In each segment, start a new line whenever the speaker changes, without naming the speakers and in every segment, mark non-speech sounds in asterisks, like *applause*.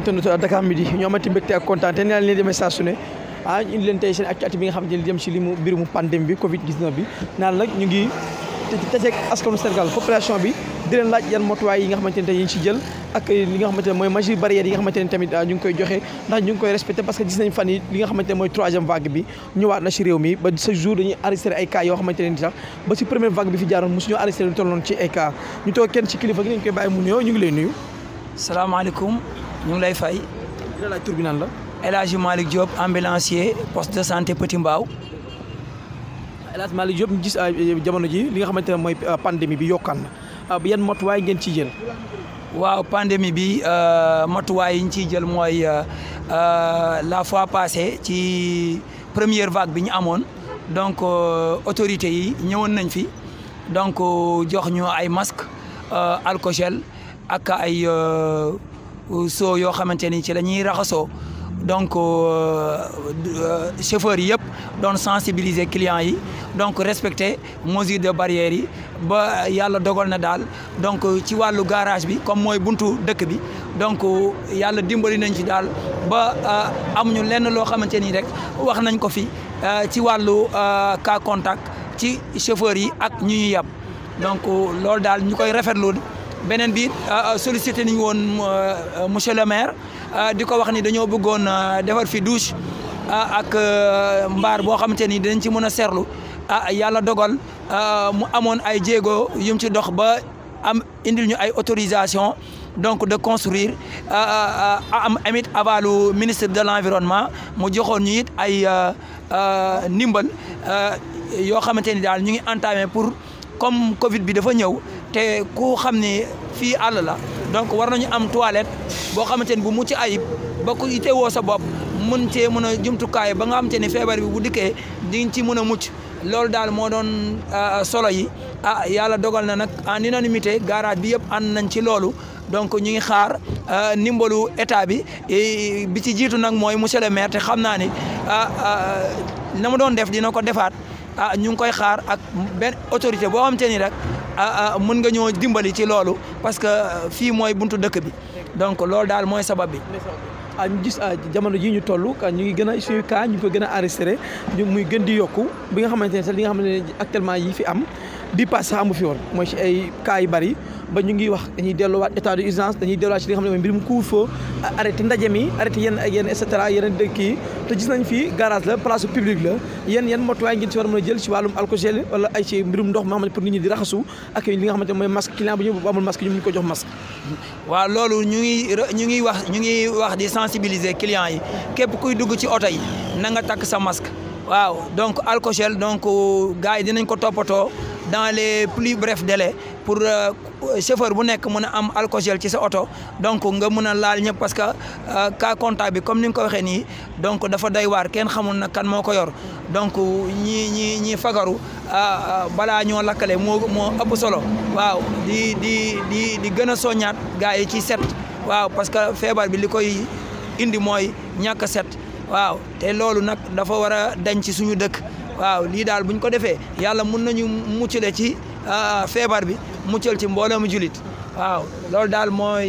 internet Dakar midi ñoo amati mbégte ak kontaan te nee naa leen demee saa su ne ah bi nga xam ne li mu mbir mu pandémie bi Covid 19 bi bi di leen nga xamante ne tamit ah, ñu ngi koy joxe ndax ñu ngi koy respecté parce que gis nañ fan yi ñu ngi lay nuyu salaamaaleykum
ñu ngi lay fay. di la laaj tur bi nan la. Diop ambulancier poste de sante Petit
Mbao. El Hadj Malick Diop ñu gis euh, euh, jamono ji li nga xamante ne mooy euh, pandémie bi yokkaan na yan matuwaay ngeen ciy jël. waaw pandémie bi matuwaay
yi ñu ciy jël mooy la fois passée ci première vague bi ñu amoon donc autorité yi ñëwoon nañ fi donc jox ñu ay masques alcogel ak ay euh, soo yoo xamante ni ci la ñuy raxasoo donc euh, euh, chauffeurs yi yëpp doon sensibiliser clients yi donc respecter mesure de barrière yi ba yàlla dogal na daal donc ci wàllu garage bi comme mooy buntu dëkk bi donc yàlla dimbali nañ ci daal ba amuñu lenn loo xamante ni rek wax nañ ko fi ci wàllu ka contact ci chauffeurs yi ak ñu ñu yab donc loolu daal ñu koy rafet rafetlu beneen bi euh, euh, sollicité nañu woon euh, monsieur le maire di ko wax ni dañoo bëggoon defar fi douche ak mbaar boo xamante ni dinañ ci mën a seerlu ah yàlla dogal mu amoon ay jéego yum ci dox ba am indi lu ñu ay autorisation donc de construire am amit avalu ministre de l'environnement mu joxoon ñu it ay ndimbal yoo xamante ni daal ñu ngi entamé pour comme Covid bi dafa ñëw te ku xam ni fii àll la donc war nañu am toilette boo xamante ni bu mucc ayib ba ku itteewoo sa bopp mën cee mën a jumtukaay ba nga xamante ni feebar bi bu dikkee di ci mën a mucc loolu daal moo doon ah, solo yi ah yàlla dogal na nag en unanimité garage bi yëpp ànd nañ ci loolu donc ñu ngi xaar ah, ndimbalu état bi bi ci jiitu nag mooy monsieur le maire te xam naa ni ah, na mu doon def dina ko defaat. ah ñu ngi koy xaar ak benn autorité boo xamante ni rek ah, ah, mën nga ñoo dimbali ci loolu parce que euh, fii mooy buntu dëkk bi donc loolu daal mooy sabab
bi. ah ñu gis ah, jamono ji ñu toll ñu ngi gën a suñu cas ñu ngi ko gën a arrêté ñu muy gën di yokku bi nga xamante ne sax li nga xamante ne actuellement yi fi am di pass sax amu fi woon mooy si ay cas yu bari. ba ñu ngi wax dañuy delluwaat état d'urgence dañuy delluwaat ci li nga mi arrêté yenn ak yenn et cetera yeneen dëkk yi te gis nañ fii garage la place yéen yéen motuwaay ngeen ci war a jël ci wàllum alcogel wala ay ma xamante pour nit ñi di raxasu ak li nga ñu amul masque ñu ngi wax ñu
ngi wax di sensibiliser client yi képp kuy dugg ci oto yi na nga takk sa masque waaw donc alcogel donc gars yi dinañ ko toppatoo dans les plus brefs délais pour euh, chauffeur bu nekk mën a am alcogel ci sa oto donc nga mun a laal ñëpp parce que euh, cas bi comme ni nga ko waxee nii donc dafa day waar kenn xamul na kan moo ko yor donc ñi ñi ñi fagaru euh, balaa ñoo lakkale moo moo ëpp solo waaw di di di di gën a soññaat gars yi ci set waaw parce que feebar bi li koy indi mooy ñàkk set waaw te loolu nag dafa war a dañ ci suñu dëkk waaw lii daal buñ ko defee yàlla mun nañu muccale ci ah, feebar bi muccal ci mbooloo mu julit waaw loolu daal mooy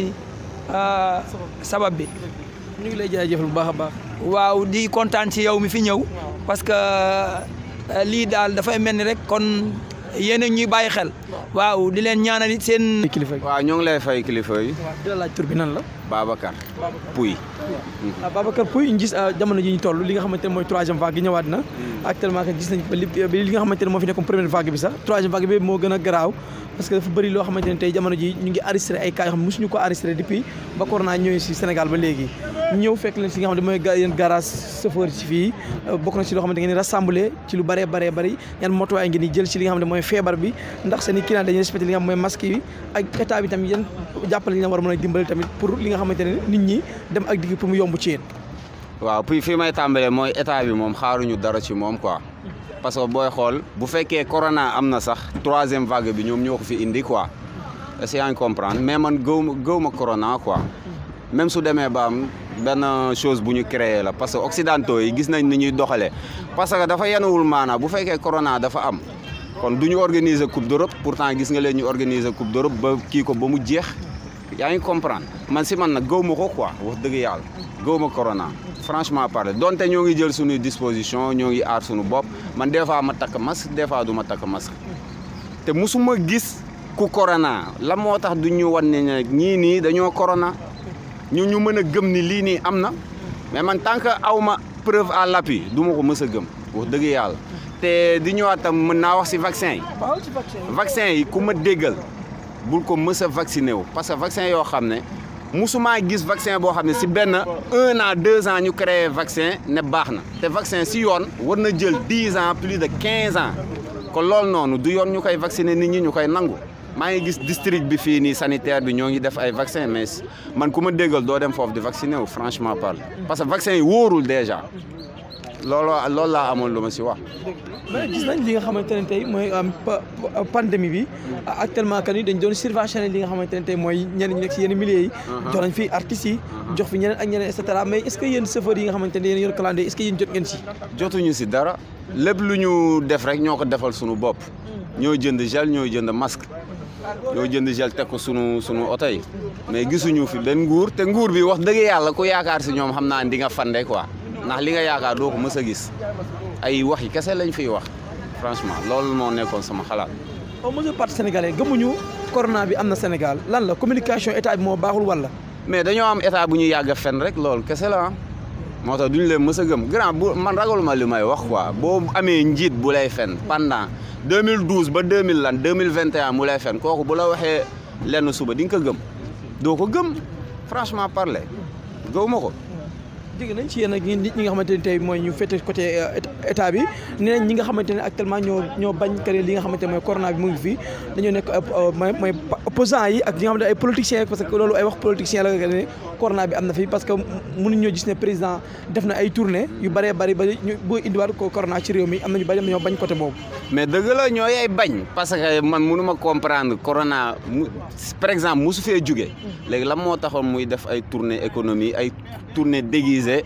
ah, sabab bi ñu ngi lay jaajëfal bu baax a baax waaw di kontaan ci yow mi fi ñëw parce que ah, lii daal dafay mel ni rek kon yéen a ñuy bàyyi xel waaw
di leen ñaanal it seen kilifa waaw ñoo ngi lay fay kilifa yi la Babacar Pouy.
Babacar Pouy ah, ñu ah, jamono ji ñu toll li nga xamante ne mooy troisième vague yi ñëwaat na. Hmm. actuellement gis nañ xamante ne moo fi a garaaw parce xamante ne tey jamono ji ñu ngi arrêté ay cas yoo xam ne mosuñu ko arrêté depuis ba corona ñëwee si Sénégal ba léegi. ñëw fekk mooy yéen garage ci fii euh, bokk na si loo xamante ngeen rassemblé ci lu bëree bëree bëri yan motuwaay ngeen di jël ci li nga xamante mooy feebar bi ndax seen i client dañuy respecté li nga xam mooy masque yi ak tamit yan jàppale li nga war a mën a dimbali tamit pour nga xamante ne nit ñi dem ak digg pour mu yomb ci yéen.
waaw puis fii may tàmbalee mooy état bi moom xaaruñu dara ci moom quoi. parce que booy xool bu fekkee corona am na sax troisième vague bi ñoom ñoo ko fi indi quoi. est-ce que comprendre mais man gëw ma gëw ma corona quoi. même su demee ba am benn chose bu ñu créé la parce que occidentaux yi gis nañ ni ñuy doxalee. parce que dafa yenuwul maanaam bu fekkee corona dafa am. kon du ñu organiser coupe d'Europe pourtant gis yaa ngi comprendre man si man nag gëw ma ko quoi wax dëgg yàlla gëw ma corona franchement parler donte ñoo ngi jël suñuy disposition ñoo ngi aar suñu bopp man des fois ma takk masque des fois du ma takk masque te musuma gis ku corona la moo tax du ñu wan ne ñii nii dañoo corona ñu ñu mën a gëm ni lii nii am na mais man tant que aw ma preuve à l'appui du ma ko mës a gëm wax dëgg yàlla te di ñëwaat tam mën naa wax si vaccin yi vaccin yi ku ma déggal bul ko mës a vacciné wu parce que vaccin yoo xam ne musumaa gis vaccin boo xam ne si benn un deux ans ñu créé vaccin ne baax na te vaccin si yoon war na jël dix ans plus de quinze ans kon loolu noonu du yoon ñu koy vacciner nit ñi ñu koy nangu maa ngi gis district bi fii nii sanitaire bi ñoo ngi def ay vaccin mais man ku ma déggal doo dem foofu di vacciner wu franchement parle parce que vaccin yi wóorul déjà looloo ah, loolu laa amoon lu ma
si wax. gis nañ li nga xamante ne tey mooy euh, pandémie bi actuellement kan yi dañ doon surveiller li nga xamante ne tey mooy ñenn ñi nekk si yenn milliers yi. Uh-huh. jox nañ fi artistes uh-huh. jox fi ñeneen ak ñeneen et cetera mais est ce que yéen chauffeurs yi nga xamante ne yéen yor calendrier est ce que yéen jot ngeen si. jotuñu si dara
lépp lu ñu def rek ñoo ko defal sunu bopp. ñoo jënd gel ñoo jënd masque. ñoo jënd gel teg ko sunu sunu oto yi mais gisuñu fi benn nguur te nguur bi wax dëgg yàlla ku yaakaar si ñoom xam naa di nga fande quoi ndax li nga yaakaar doo ko mës a gis ay wax yi kese lañ fiy wax franchement loolu moo nekkoon sama xalaat.
au moins parti sénégalais gëmuñu corona bi am na Sénégal lan la communication état moo baaxul wala.
mais dañoo am état bu ñu yàgg fen rek lool kese la moo tax duñu leen mës a gëm grand bu man ragaluma li may wax quoi boo amee njiit bu lay fen pendant 2012 ba 2000 lan 2021 mu lay fen kooku bu la waxee lenn suba di nga ko gëm doo ko gëm franchement parle gëwuma ko.
jóge nañ ci yéen ak ñi nga xamante ne tey mooy ñu féete côté euh, état bi nee nañ ñi nga xamante ne actuellement ñoo ñoo bañ que li nga xamante mooy corona bi mu dañoo nekk euh, euh, mooy mooy opposant yi ak ñi nga parce que loolu ay wax politiciens la nga ne corona bi am na fii parce que mënuñu ñoo gis ne président def na ay tournée yu bëree bëri ba ñu ko corona ci réew mi am na ñu bëri ñoo bañ côté boobu.
mais dëgg la ñoo yay bañ parce que man mënu ma comprendre corona mu par exemple mosu fee jóge mm. léegi lan moo taxoon muy def ay tournée économie ay tournée déguisée utiliser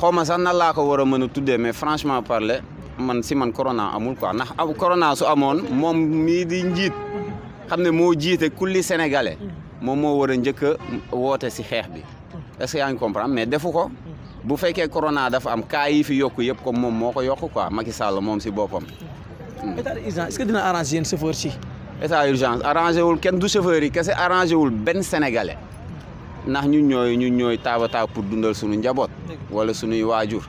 xaw ma sax nan laa ko war a mën a tuddee mais franchement parler man si man corona amul quoi ndax am corona su amoon moom mii di njiit xam ne moo jiite kulli sénégalais moom moo war a njëkk woote si xeex bi est-ce que mais defu ko bu fekkee corona dafa am cas yi fi yokk yëpp comme moom moo ko yokk quoi Macky Sall moom si boppam.
Hmm. état d'urgence est que dina arrangé yéen si. état
arrangé wul kenn du chauffeur yi kese arrangé wul benn sénégalais. ndax ñun ñooy ñun ñooy taaba taab pour dundal suñu njaboot wala suñuy waajur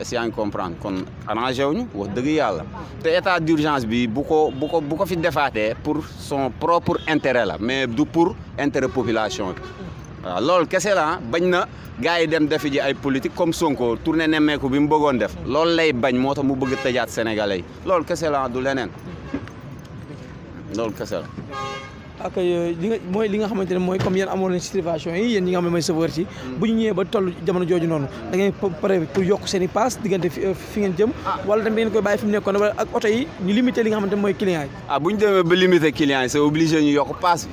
est-ce que kon arrangé wuñu wax dëgg yàlla te état d'urgence bi bu ko bu ko bu ko fi defaatee pour son propre intérêt la mais du pour intérêt population bi loolu kese la bañ na gars yi dem defi ji ay politique comme Sonko tourné nemmeeku bi mu bëggoon def loolu lay bañ moo tax mu bëgg tëjaat sénégalais yi loolu kese la du leneen loolu kese la
ak euh, li nga mooy li nga xamante ne mooy comme yéen amoon leen situation yi yéen ñi nga xam mooy chauffeur ci hmm. bu ñu ñëwee ba toll jamono jooju noonu da ngeen pare pour yokk seen i paas diggante fi euh, ngeen jëm ah. wala tamit da ngeen koy bàyyi fi mu nekkoon wala ak oto yi ñu limité li nga xamante ne mooy client yi
ah bu ñu demee ba limité client yi c'est obligé ñu yokk paas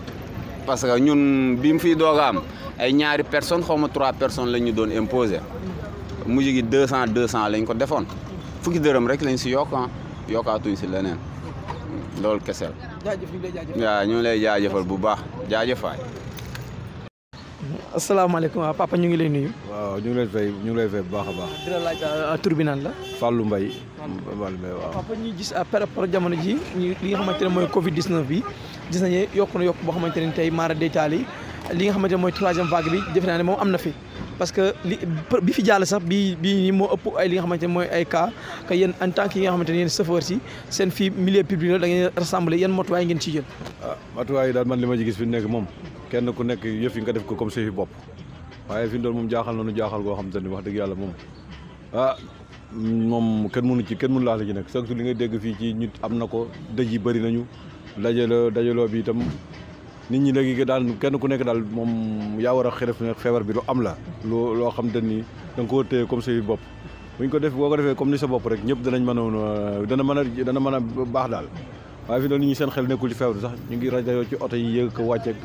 parce que ñun bii mu fiy doog a ay ñaari personnes xaw ma trois personnes la ñu doon imposé mu gi deux cent deux cent lañ ko defoon fukki dërëm rek lañ si yokk ah yokkaatuñ si leneen loolu kese
jaajëf ñu ngi lay jaajëfal waaw ñu
lay jaajëfal bu baax jaajëfaay.
asalaamaaleykum waaw papa ñu ngi lay nuyu. waaw ñu lay fay ñu ngi lay bu baax a baax. dina laaj euh, tur la. Fallou mbay Fallou Mbaye waaw. papa ñuy gis euh, par rapport jamono ji li nga xamante ne mooy Covid 19 bi gis nañu yokku na yokk boo xamante ne tey mara détaillé li nga xamante ne mooy troisième vague bi defe naa ne moom am na fi. parce que li bi fi jàll sax bi bii moo ëpp ay li nga xamante mooy ay cas que yéen en tant que yi nga xamante ne yéen si seen fii milieu public la da ngeen rassemblé yéen motuwaay ngeen ci jël ah,
matuwaay yi daal man li ma ci gis fi nekk moom kenn ku nekk yëf yi nga def ko comme sa fi bopp waaye fi doon moom jaaxal nañu jaaxal goo xamante ne wax dëgg ah, moom kenn mënu ci kenn mënu laa la nekk li nga dégg fii ci ñu am na ko dëj yi bëri nañu dajaloo dajaloo bi itam nit ñi léegi daal kenn ku nekk daal moom yaa war a xelef ne feebar bi lu am la loo xam te nii da nga ko téye comme say bopp bu ñu ko def boo ko defee comme ni sa bopp rek ñëpp danañ mën a dana mën a dana mën a baax daal waaye fi doon nit ñi seen xel nekkul ci feebar bi sax ñu ngi rajo ci oto yi yëg ko wàcceeg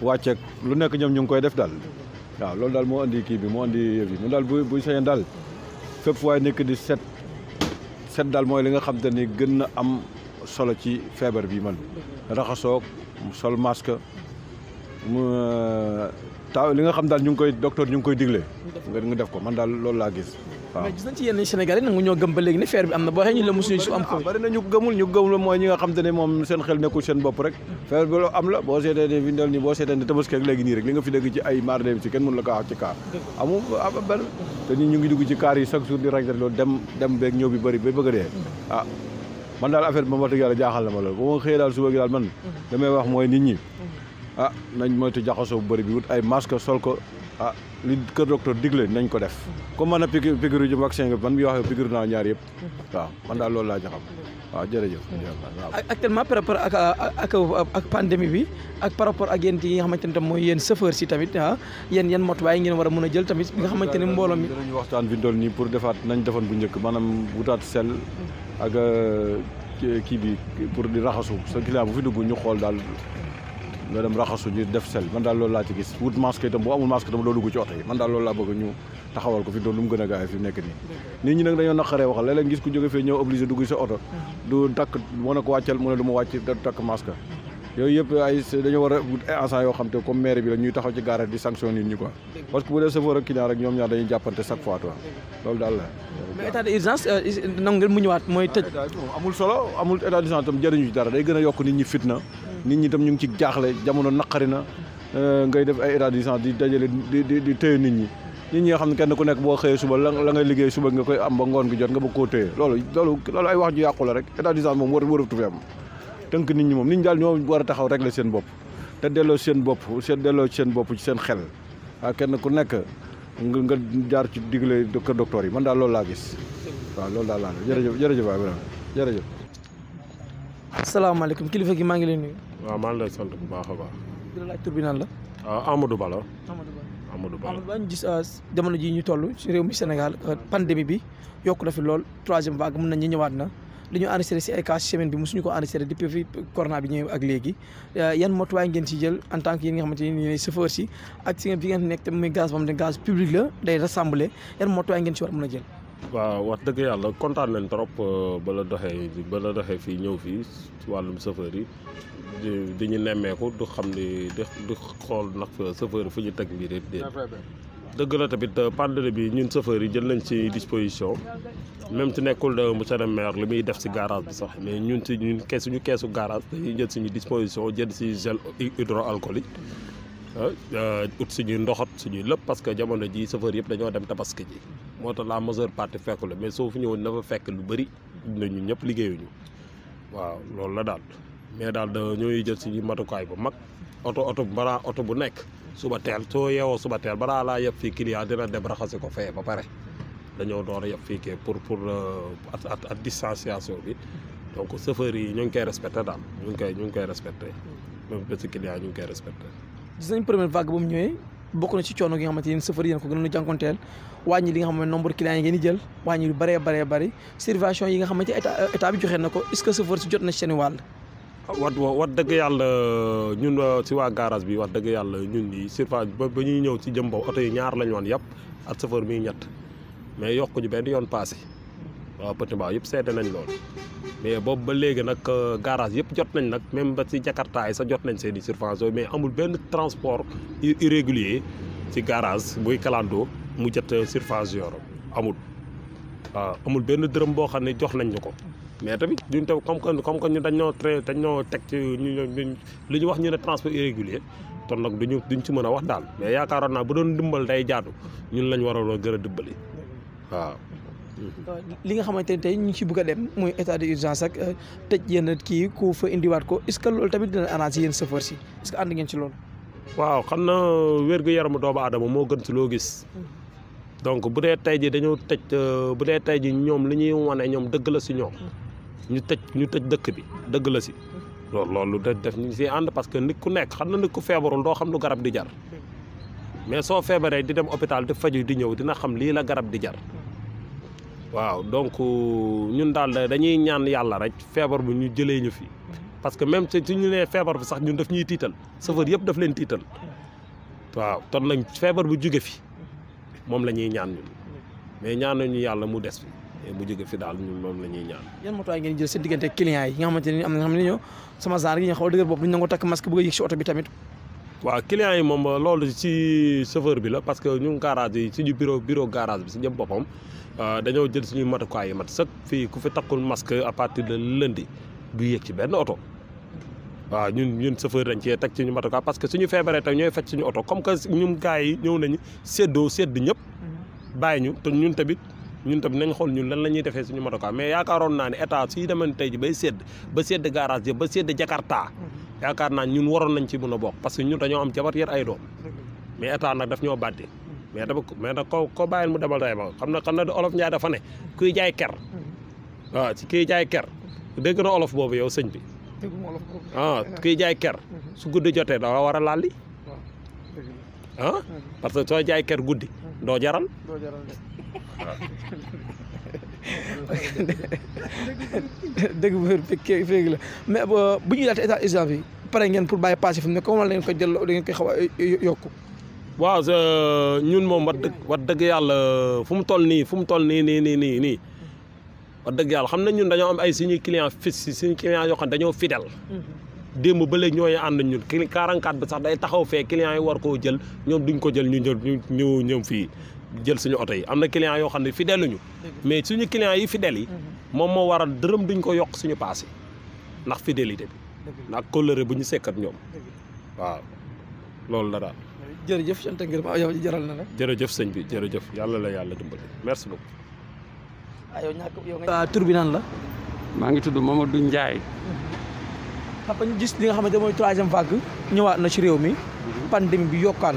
wàcceeg lu nekk ñoom ñu ngi koy def daal waaw loolu daal moo andi kii bi moo andi yëf yi mu daal bu buñ sañeen daal fépp waaye nekk di set set daal mooy li nga xam te ni gën na am solo ci feebar bi man raxasoog mu sol masque mu euh, taw li nga xam daal ñu ngi koy docteur ñu ngi koy digle. nga def ko man daal loolu laa gis. waaw mais gis nañ ci yenn Sénégalais nangu ñoo gëm ba léegi ne feer bi am na boo xëy ñu la mosuñu su am ah, ne moom seen xel nekkul seen bopp rek feer bi loo am la boo seetee ne fi ndel nii boo seetee ne tabaski léegi nii rek li nga fi dégg ci ay marde bi ci kenn mënu la ko ci kaar amu ah, benn ñu ngi dugg ci kaar yi chaque jour di rajte loolu dem dem beeg ñëw bi bëri ba a man daal affaire bi moom wax dëgg yàlla jaaxal na ma loolu bu ma xëyee daal suba gi daal man damay wax mooy nit ñi a ah, nañ mooy moytu jaxasoo bu bëri bi wut ay masque sol ko a ah, li kër docteur digle nañ ko def comme man a piqûre piqûre ju vaccin bi man mi wax piqûre naa ñaar yëpp waaw man daal loolu laa ci xam waaw jërëjëf actuellement par rapport ak ak
ak pandémie bi ak par rapport ak yéen yi nga xamante ne tam mooy yéen chauffeur si tamit ah yéen yan motuwaay ngeen war a mën a
jël tamit bi nga xamante ne mbooloo mi dinañu waxtaan fi dool nii pour defaat nañ defoon bu njëkk maanaam wutaat sel ak euh, kii bi pour di raxasu sa client bu fi dugg ñu xool daal nga dem raxasu ji def sel man daal loolu laa ci daal loolu mu gën a gaaw fi mu nekk nii nit ñi nag dañoo a ko a wut ay agent yoo état d'urgence euh, nangu ngeen mu ñëwaat mooy tëj amul solo amul état d'urgence tam jëriñu ci dara day gën a yokk nit ñi fitna nit ñi tam ñu ngi ci jaaxle jamono naqari na euh, ngay def ay état d'urgence di dajale di di di téye nit ñi nit ñi nga xam ne kenn ku nekk boo xëyee suba la nga liggéey suba nga koy am ba ngoon gi jot nga bëgg koo téye loolu loolu loolu ay wax ju yàqu la rek état d'urgence moom war waratu ñi moom nit ñi daal ñoo war a taxaw rek la seen bopp te delloo seen bopp seen delloo seen bopp ci seen xel waaw kenn ku nekk nga jaar ci digle kër docteur yi man daa loolu laa gis waaw loolu daal laa jërëjëf jërëjëf
waay jërëjëf asalaamaaleykum kilifa gi maa ngi leen waaw maa ngi lay sant bu baax a baax. di la laaj tur bi naan la. Ah, Amadou Ba la. Amadou Ba Amadou Ba Amadou Ba ñu gis
ah, jamono ji ñu toll ci réew mi Sénégal ah, pandémie bi yokku na fi lool troisième vague mun nañu ñëwaat na li ñu enregistré si ay cas semaine bi mosuñu ko enregistré depuis fi corona bi ñëw ak léegi yan motuwaay ngeen ci jël en tant que yéen nga xamante ne yéenay chauffeur si ak si ngeen fi ngeen nekk te muy gaz boo xam ne gaz public la day rassembler yan motuwaay ngeen ci war a mën a jël.
waaw wax dëgg yàlla kontaan nañ trop euh, ba la doxee ba la doxee fii ñëw fii wàllum chauffeur yi di ñu nemmeeku du xam ni di di xool nag chauffeur fu ñu teg mbir it déet dëgg la tamit euh, pandémie bi ñun chauffeur yi jël nañ si disposition même si nekkul de euh, monsieur le maire li muy def si garage bi sax mais ñun si ñu kees suñu keesu garage dañuy jël suñu disposition jël si gel hydroalcoolique Euh, euh, ut suñuy ndoxat suñuy lépp parce que jamono ji chauffeur yëpp dañoo dem tabaski ji moo tax la majeure partie fekku la mais soo fi ñëwoon na fa fekk lu bëri nañu ñëpp liggéeyuñu waaw loolu la daal mais daal da ñooy jël suñu matukaay bu mag oto oto balaa oto bu nekk suba teel soo yeewoo suba teel balaa laa yeb fii client dina dem raxasi ko fee ba pare dañoo door a yeb fii kee pour pour euh, at at at distanciation bi donc chauffeur yi ñu ngi koy respecté daal ñu ngi koy ñu ngi koy respecté même petit client ñu ngi koy respecté
gis nañ première vague ba mu ñëwee bokk na ci coono gi nga xamante yéen safari yéen ko gënoon a jànkonteel wàññi li nga xam ne nombre clients yi jël wàññi lu bëree bëree survation yi nga xamante état bi joxe na ko est-ce que safar si jot na ci seen wàll
wat wax dëgg yàlla ñun si waa garage bi wax dëgg yàlla ñun ñi surfa ba ñuy ñëw si jëm boobu oto yi ñaar lañu woon yàpp ak safar mi ñett mais yokkuñu benn yoon passé waaw Petit Mbao yëpp seede nañ lool mais boobu ba léegi nag euh, garage yëpp jot nañ nag même ba si Jakarta yi sa jot nañ seen i surface mais amul benn transport irrégulier ci garage buy kalaado mu jot euh, surface amul waaw amul benn dërëm boo xam ne jox nañ ñu ko mais tamit duñ tam comme que comme que ñu dañ ñoo traité dañ ñoo teg ci ñu li ñu wax ñu ne transport irrégulier kon nag duñu duñ ci mën a wax daal mais yaakaaroon naa bu doon dimbal day jaadu ñun lañ waroon a gën a dimbali waaw
li nga xamante ne tey ñu ngi ci bëgg a dem muy état d'urgence ak euh, tëj yenn kii ku fa indiwaat ko est-ce que loolu tamit dina arranger yéen chauffeur
si est-ce que ànd ngeen ci loolu. waaw xam na euh, wérgu yaramu doomu aadama moo gën si loo gis. Mm-hmm. donc bu dee tey ji dañoo tëj euh, bu dee tey ji ñoom li ñuy wane ñoom dëgg la si ñoom. Mm-hmm. ñu tëj ñu tëj dëkk bi dëgg la si. Mm-hmm. loolu loolu da def ñu si ànd parce que nit ku nekk xam na nit ku feebarul doo xam lu garab di jar. mais soo feebaree di dem hôpital di faju di ñëw dina xam lii la garab di jar. waaw donc ñun daal dañuy ñaan yàlla rek feebar bu ñu jëlee ñu fi parce que même si ñu nee feebar bi sax ñun def ñuy tiital chauffeur yëpp daf leen tiital waaw ton nañ feebar bu jóge fi moom la ñuy ñaan ñun mais ñaan ñu yàlla mu des fi mu jóge fi daal ñun moom la ñuy ñaan.
yan matuwaay jël seen diggante client yi nga xamante ne am na nga xam ne ñoo sama yi nga xaw a dëgër bopp duñ nangoo takk masque bëgg a yëg bi tamit.
waaw client yi moom loolu si chauffeur bi la parce que ñun garage yi suñu bureau bureau garage bi si jëm boppam. Euh, dañoo jël suñu matukaay yu mat sëkk fii ku fi takkul masque à partir de lundi du yéeg ci benn oto waaw ñun ñun chauffeur dañ cee teg suñu matukaay parce que suñu feebaree tam ñooy faj oto comme que ñun gars yi ñëw nañu séddoo sédd ñëpp bàyyi ñu te ñun tamit ñun tamit nañ xool ñun lan la ñuy defee suñu matukaay mais yaakaaroon naa ne état suy demoon tey ji bay sédd ba sédd garage yi ba sédd Jakarta yaakaar naa ñun waroon nañ ci mën a bokk parce que ñun dañoo am jabar yar ay doom mais état nag daf ñoo bàddi mais dama mais nag ko ko bàyyil mu demal day ba xam na xam na olof Njaay dafa ne kuy jaay ker mm-hmm. waaw ci kuy jaay ker dégg na olof boobu yow sëñ bi
ah eh. kuy jaay
ker mm-hmm. su guddi jotee doo war a laalli
ah mm-hmm.
parce que soo jaay ker guddi doo jaral
dëgg *laughs* bu fekkee féeg la mais euh, bu ñuy laata état d'urgence bi pare ngeen pour bàyyi passé fi mu ne comme wala ngeen ko jël da ngeen koy xaw a euh, yokku
waaw ñun moom wax dëgg wax dëgg yàlla fu mu toll nii fu mu toll nii nii nii nii nii dëgg yàlla xam nañ ñun dañoo am ay suñu client fixe suñu client yoo xam ne dañoo fidèle mm-hmm. démb ba léegi ñooy ànd ñun 44 bi sax day taxaw fee client yi war koo jël ñoom duñ ko jël ñu jël ñu ñoom fii jël suñu oto yi am na client yoo xam ne fidèle ñu mais suñu client yi fidèle yi mm-hmm. moom moo waral dërëm duñ ko yokk suñu paas yi ndax fidélité bi ndax kóllëre bu ñu sekkat ñoom waaw loolu jërëjëf sant ngir ma ah, jaral na la. jërëjëf sëñ
bi jërëjëf yàlla la yàlla dimbali merci beaucoup.
ah nga. Ah,
la. maa ngi tudd Mamadou Ndiaye. Mm-hmm.
papa gis li nga xamante mooy troisième vague ñëwaat na ci réew mi. Mm-hmm. pandémie bi yokkaan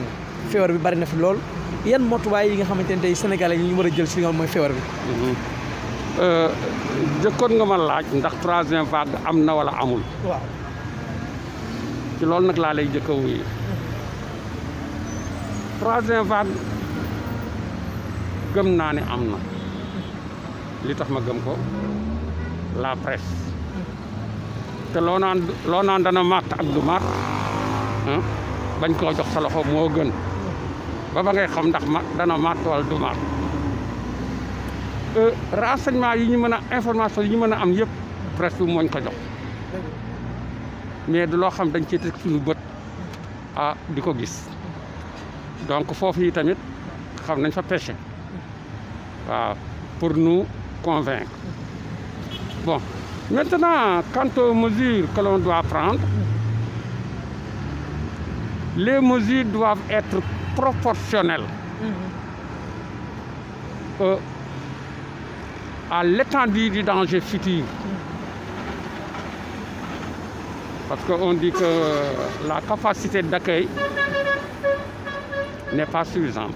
na. bi bari na fi lool. yan motuwaay yi nga xamante ne tey sénégalais yi ñu war a jël si mooy feebar bi.
Mm-hmm. Euh, jëkkoon nga ma laaj ndax troisième vague am na wala amul. waaw ci loolu nag laa lay jëkka wuyu troisième vague gëm naa ne am na li tax ma gëm ko la presse te loo naan loo naan dana màtt ak du màtt bañ koo jox sa loxo moo gën ba ba ngay xam ndax màtt dana màtt wala du màtt euh, renseignement yi ñu mën a information yi ñu mën a am yëpp presse bi mooñ ko jox mais du loo xam dañ ciy teg suñu bët ah di ko gis donc foofu yi tamit xam nañ fa pêcher waaw pour nous convaincre bon maintenant quant aux mesures que l'on doit prendre les mesures doivent être proportionnelles mm-hmm. euh, à l'étendue du danger futur parce qu'on dit que euh, la capacité d'accueil n'est pas suffisante.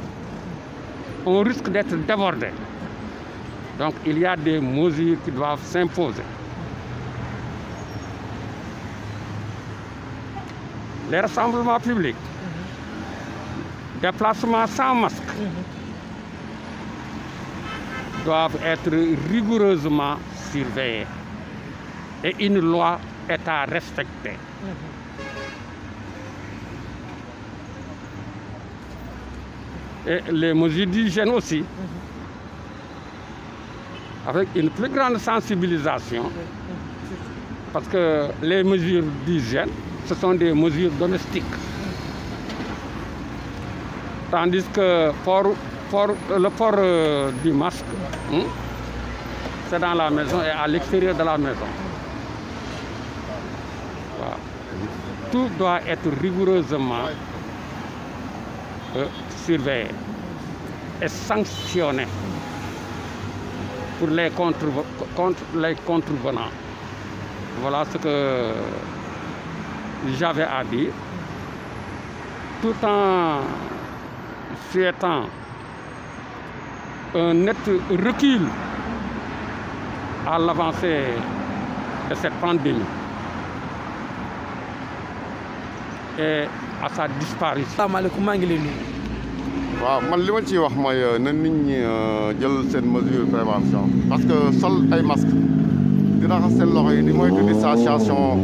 On risque d'être débordé. Donc il y a des mesures qui doivent s'imposer. Les rassemblements publics, mmh. déplacements sans masque, mmh. doivent être rigoureusement surveillés. Et une loi est à respecter. Mm-hmm. et les mesures d'hygiène aussi, avec une plus grande sensibilisation, parce que les mesures d'hygiène, ce sont des mesures domestiques. Tandis que pour, pour, euh, le port euh, du masque, hein, c'est dans la maison et à l'extérieur de la maison. Voilà. Tout doit être rigoureusement euh, surveiller et sanctionner pour les contre, contre les Voilà ce que j'avais à dire. Tout en souhaitant un net recul à l'avancée de cette pandémie et à sa disparition. salaamaaleykum maa ngi leen nuyu
waaw man li ma ciy wax mooy euh, na nit ñi euh, jël seen mesure prévention parce que sol ay masque di raxas seen loxo yi di moytu distanciation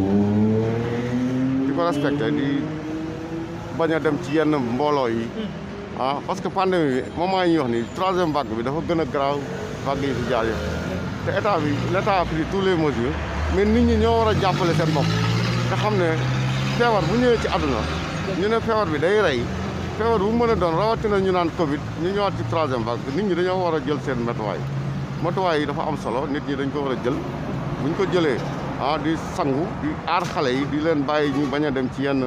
di ko respecté di bañ a dem ci yenn mbooloo yi hmm. ah parce que pandémie bi moment yi ñuy wax ni troisième vague bi dafa gën a grave vague yi fi jaar yëpp te état bi l' état a pris tous les mesures mais nit ñi ñoo war a jàppale seen bopp te xam ne feebar bu ñëwee ci àdduna ñu ne feebar bi day rey feebar bu mën a doon rawatina ñu naan Covid ñu ñëwaat ci troisième vague nit ñi dañoo war a jël seen matuwaay matuwaay yi dafa am solo nit ñi dañu ko war a jël bu ñu ko jëlee ah di sangu di aar xale yi di leen bàyyi ñu bañ a dem ci yenn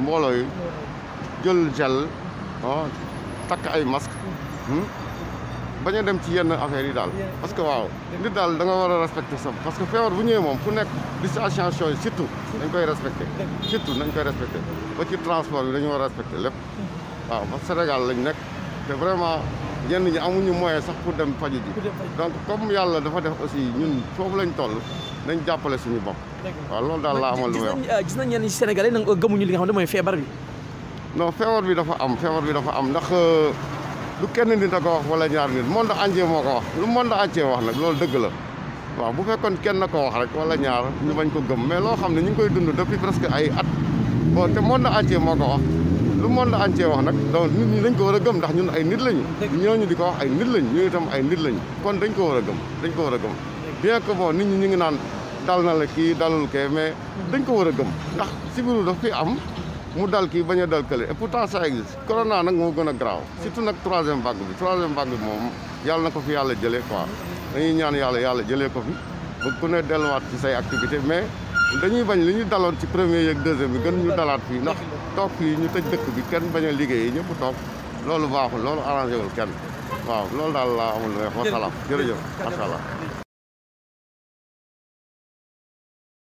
mboolooy jël gel ah takk ay masque hmm? bañ dem ci yenn affaires yi daal parce que waaw nit daal da nga war a respecté sa parce que feebar bu ñëwee moom fu nekk distanciation yi surtout dañ koy respecté surtout nañ koy respecté ba ci transport bi dañu war a respecté lépp mmh. waaw parce que Sénégal lañ nekk te vraiment ñenn ñi amuñu moyen sax pour dem faju ji donc comme yàlla dafa def aussi ñun foofu lañ toll nañ jàppale suñu bopp waaw loolu daal laa amal lu wax gis nañ ñenn ci Sénégalais nag gëmuñu li nga xam ne mooy feebar bi non feebar dafa am feebar bi dafa am ndax euh, lu kenn nit a ko wax wala ñaar nit monde entier moo ko wax lu monde entier wax nag loolu dëgg la waaw bu fekkoon kenn ko wax rek wala ñaar ñu bañ ko gëm mais loo xam ne ñu ngi koy dund depuis presque ay at bon te monde entier moo ko wax lu monde entier wax nag donc nit ñi dañ ko war a gëm ndax ñun ay nit lañu ñooñu di ko wax ay nit lañu ñun itam ay nit lañu kon dañ ko war a gëm dañ ko war a gëm bien que bon nit ñi ñu ngi naan dal na la kii dalul kee mais dañ ko war a gëm ndax sibiru daf fi am mu dal kii bañ a dal kële et pourtant ça existe corona nag moo gën a graaw surtout nag troisième vague bi troisième vague bi moom yàlla na ko fi yàlla jëlee quoi dañuy ñaan yàlla yàlla jëlee ko fi ba ku ne delluwaat ci say activité mais dañuy bañ li ñu daloon ci premier yeeg deuxième bi gën ñu dalaat fii ndax toog fi ñu tëj dëkk bi kenn bañ a liggéey ñëpp toog loolu baaxul loolu arrangé wul kenn waaw loolu daal laa amul wax wasalaam jërëjëf macha